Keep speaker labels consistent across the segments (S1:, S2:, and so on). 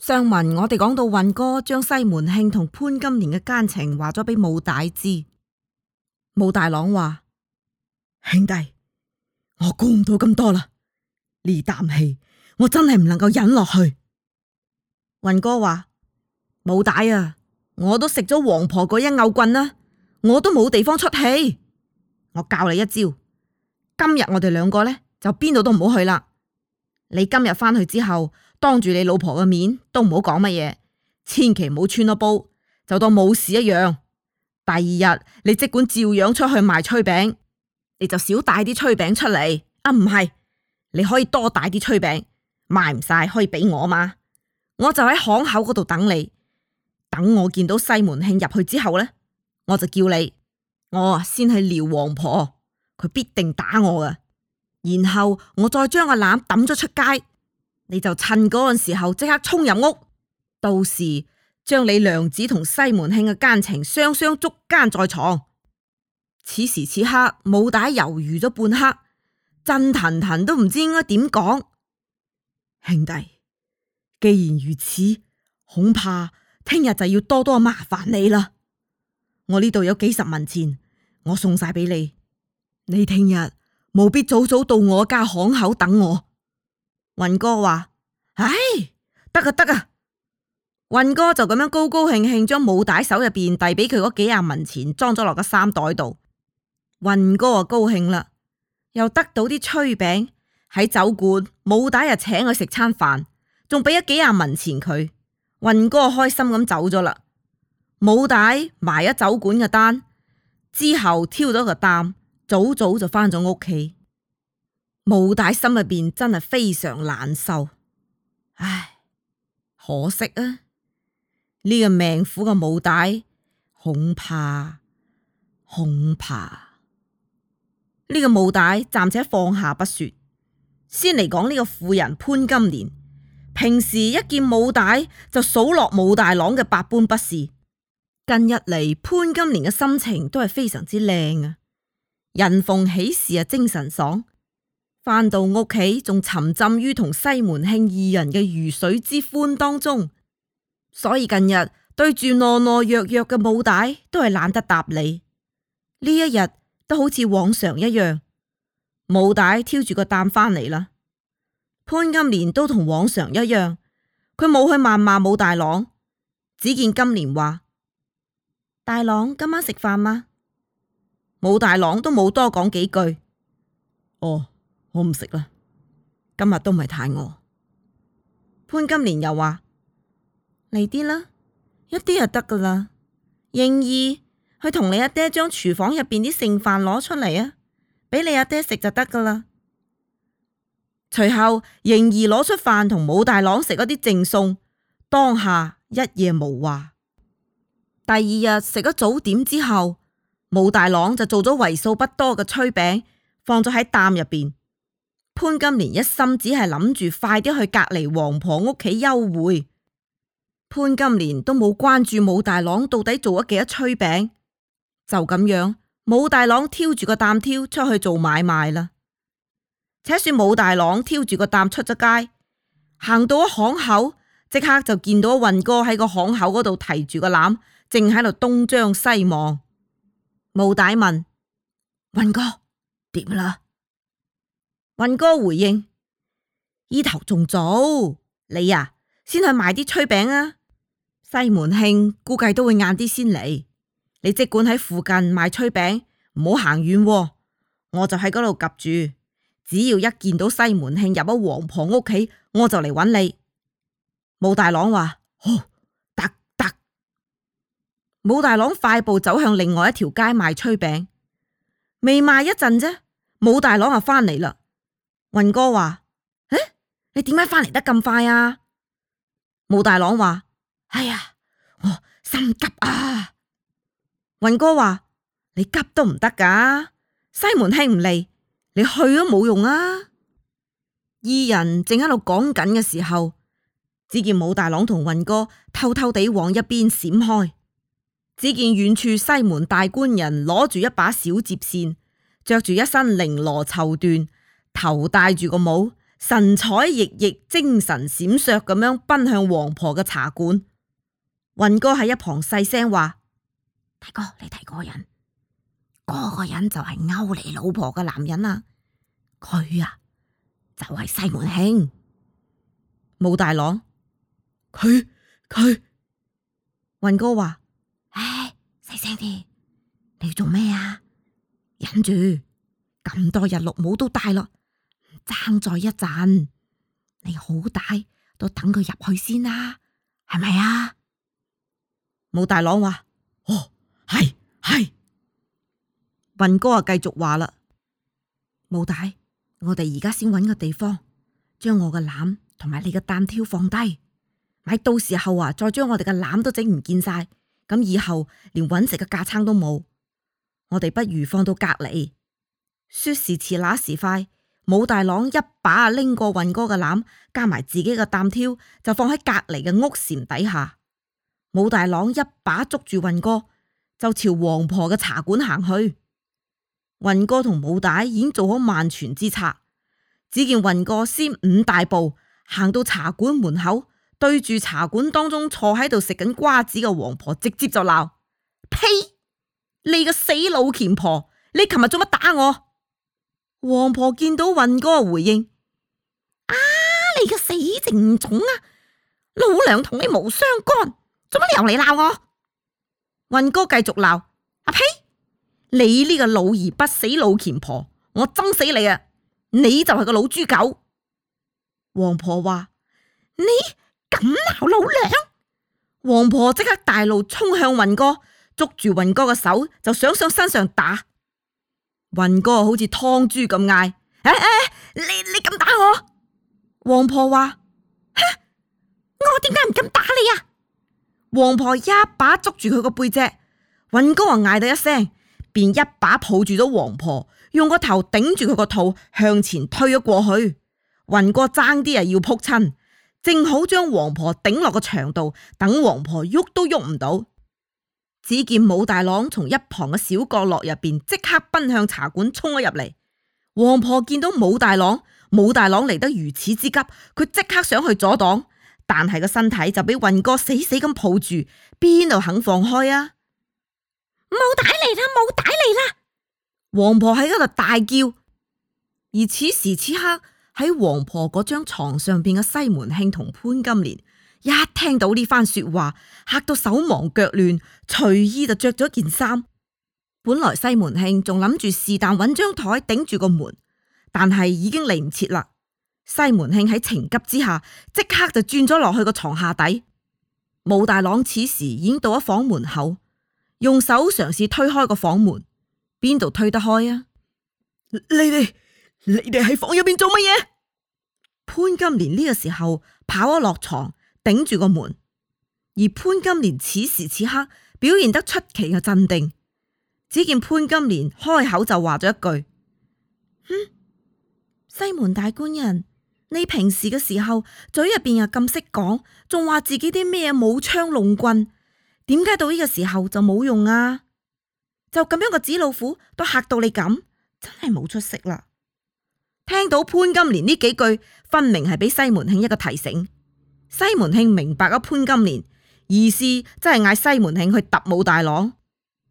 S1: 上文我哋講到云哥將西門慶同潘金蓮嘅奸情話咗俾武大知，武大郎話：兄弟，我估唔到咁多啦，呢啖氣我真係唔能夠忍落去。云哥話：武大啊，我都食咗王婆嗰一拗棍啦、啊，我都冇地方出氣，我教你一招。今日我哋兩個呢，就邊度都唔好去啦，你今日翻去之後。當住你老婆嘅面都唔好講乜嘢，千祈唔好穿咗煲，就當冇事一樣。第二日你即管照樣出去賣炊餅，你就少帶啲炊餅出嚟。啊，唔係，你可以多帶啲炊餅，賣唔晒可以俾我嘛。我就喺巷口嗰度等你，等我見到西門慶入去之後呢，我就叫你，我先去撩王婆，佢必定打我噶，然後我再將個籃抌咗出街。你就趁嗰陣時候即刻衝入屋，到時，將你娘子同西門慶嘅奸情雙雙捉奸在床。此時此刻，武大猶豫咗半刻，震騰騰都唔知應該點講。兄弟，既然如此，恐怕聽日就要多多麻煩你啦。我呢度有幾十文錢，我送晒俾你。你聽日務必早早到我家巷口等我。雲哥話：唉，得啊，得啊！雲哥就咁樣高高興興將武大手入邊遞俾佢嗰幾廿文錢，裝咗落個衫袋度。雲哥啊高興啦，又得到啲炊餅喺酒館，武大又請佢食餐飯，仲俾咗幾廿文錢佢。雲哥開心咁走咗啦。武大埋咗酒館嘅單之後，挑咗個擔，早早就翻咗屋企。武大心入邊真係非常難受，唉，可惜啊，呢、這個命苦嘅武大恐怕恐怕呢、這個武大暫且放下不說，先嚟講呢個婦人潘金蓮，平時一見武大就數落武大郎嘅百般不是，近日嚟，潘金蓮嘅心情都係非常之靚啊，人逢喜事啊精神爽。返到屋企仲沉浸於同西門慶二人嘅魚水之歡當中，所以近日對住懦懦弱弱嘅武大都係懶得答理。呢一日都好似往常一樣，武大挑住個擔返嚟啦。潘金蓮都同往常一樣，佢冇去謾罵武大郎，只見金蓮話：大郎今晚食飯嗎？武大郎都冇多講幾句，哦。我唔食啦，今日都唔係太餓。潘金蓮又話，嚟啲啦，一啲就得噶啦。盈兒去同你阿爹將廚房入邊啲剩飯攞出嚟啊，俾你阿爹食就得噶啦。隨後盈兒攞出飯同武大郎食嗰啲剩餸，當下一夜無話。第二日食咗早點之後，武大郎就做咗為數不多嘅炊餅，放咗喺擔入邊。潘金蓮一心只係諗住快啲去隔籬王婆屋企幽會，潘金蓮都冇關注武大郎到底做咗幾多炊餅，就咁樣武大郎挑住個擔挑出去做買賣啦。且說武大郎挑住個擔出咗街，行到一巷口，即刻就見到鄆哥喺個巷口嗰度提住個籃，正喺度東張西望。武大問：鄆哥，點啦？鄆哥回應，依頭仲早，你呀、啊、先去賣啲炊餅啊。西門慶估計都會晏啲先嚟，你即管喺附近賣炊餅，唔好行遠。我就喺嗰度及住，只要一見到西門慶入咗王婆屋企，我就嚟揾你。武大郎話，好、哦，得得。武大郎快步走向另外一條街賣炊餅，未賣一陣啫，武大郎就翻嚟啦。云哥話：誒、欸，你點解翻嚟得咁快啊？武大郎話：哎呀，我心急啊！云哥話：你急都唔得噶，西門慶唔嚟，你去都冇用啊！二人正喺度講緊嘅時候，只見武大郎同云哥偷偷地往一邊閃開。只見遠處西門大官人攞住一把小折扇，着住一身綾羅綢緞。頭戴住個帽，神采奕奕、精神閃爍咁樣奔向王婆嘅茶館。云哥喺一旁細聲話：大哥，你睇個人，嗰、嗰個人就係溝你老婆嘅男人啊！佢啊，就係、是、西門慶、武大郎。佢佢，云哥話：唉、欸，細聲啲，你要做咩啊？忍住，咁多日綠帽都戴咯。撐咗一陣，你好歹都等佢入去先啦，係咪啊？是是啊，武大郎話：哦，係係。云哥啊，繼續話啦。武大，我哋而家先搵個地方，將我嘅籃同埋你嘅擔挑放低，咪到時候啊，再將我哋嘅籃都整唔見晒，咁以後連搵食嘅架撐都冇，我哋不如放到隔籬。說時遲，那時快。武大郎一把拎過云哥嘅籃，加埋自己嘅擔挑，就放喺隔篱嘅屋檐底下。武大郎一把捉住云哥，就朝王婆嘅茶館行去。云哥同武大已經做好萬全之策，只見云哥先五大步行到茶館門口，對住茶館當中坐喺度食緊瓜子嘅王婆，直接就鬧：呸！你個死老虔婆，你琴日做乜打我？王婆見到雲哥回應，啊！你個死淨種啊！老娘同你無相干，做乜你又嚟鬧我？雲哥繼續鬧，阿呸！你呢個老而不死老虔婆，我憎死你啊！你就係個老豬狗！王婆話：你敢鬧老娘？王婆即刻大怒，衝向雲哥，捉住雲哥嘅手，就想上身上打。雲哥好似劏豬咁嗌，誒、啊、誒、啊、你你敢打我！王婆話、啊，我點解唔敢打你啊？王婆一把捉住佢個背脊，雲哥啊嗌咗一聲，便一把抱住咗王婆，用個頭頂住佢個肚，向前推咗過去。雲哥爭啲啊要扑親，正好將王婆頂落個牆度，等王婆喐都喐唔到。只見武大郎從一旁嘅小角落入邊，即刻奔向茶館衝，衝咗入嚟。王婆見到武大郎，武大郎嚟得如此之急，佢即刻上去阻擋，但係個身體就俾鄆哥死死咁抱住，邊度肯放開啊？武大嚟啦！武大嚟啦！王婆喺度大叫，而此時此刻喺王婆嗰張床上邊嘅西門慶同潘金蓮。一聽到呢番說話，嚇到手忙腳亂，隨意就着咗件衫。本來西門慶仲諗住是但揾張台頂住個門，但係已經嚟唔切啦。西門慶喺情急之下，即刻就轉咗落去個床下底。武大郎此時已經到咗房門口，用手嘗試推開個房門，邊度推得開啊？你哋，你哋喺房入邊做乜嘢？潘金蓮呢個時候跑咗落床。頂住個門，而潘金蓮此時此刻表現得出奇嘅鎮定。只見潘金蓮開口就話咗一句：哼、嗯，西門大官人，你平時嘅時候嘴入邊又咁識講，仲話自己啲咩武槍弄棍，點解到呢個時候就冇用啊？就咁樣個紙老虎都吓到你咁，真係冇出息啦！聽到潘金蓮呢幾句，分明係俾西門慶一個提醒。西門慶明白咗潘金蓮意思，真係嗌西門慶去揼武大郎，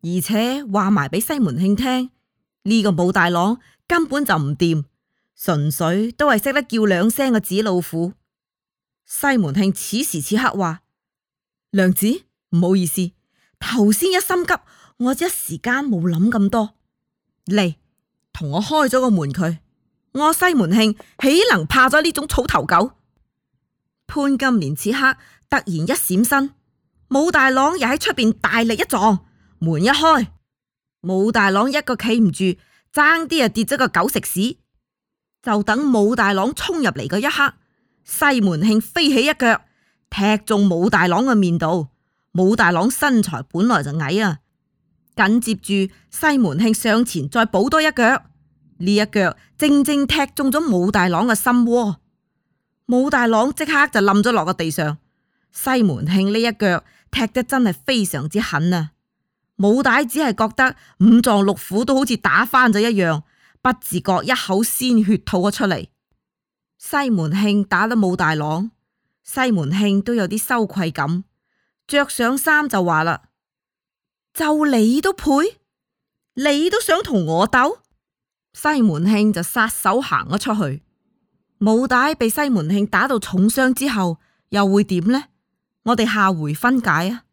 S1: 而且話埋俾西門慶聽呢個武大郎根本就唔掂，純粹都係識得叫兩聲嘅紙老虎。西門慶此時此刻話：娘子，唔好意思，頭先一心急，我一時間冇諗咁多。嚟，同我開咗個門佢，我西門慶豈能怕咗呢種草頭狗？潘金蓮此刻突然一閃身，武大郎又喺出邊大力一撞，門一開，武大郎一個企唔住，爭啲啊跌咗個狗食屎。就等武大郎衝入嚟嘅一刻，西門慶飛起一腳踢中武大郎嘅面度，武大郎身材本來就矮啊，緊接住西門慶上前再補多一腳，呢一腳正正踢中咗武大郎嘅心窩。武大郎即刻就冧咗落個地上，西門慶呢一腳踢得真係非常之狠啊！武大只係覺得五臟六腑都好似打翻咗一樣，不自覺一口鮮血吐咗出嚟。西門慶打得武大郎，西門慶都有啲羞愧感，着上衫就話啦：就你都配，你都想同我鬥？西門慶就撒手行咗出去。武大被西門慶打到重傷之後，又會點呢？我哋下回分解啊！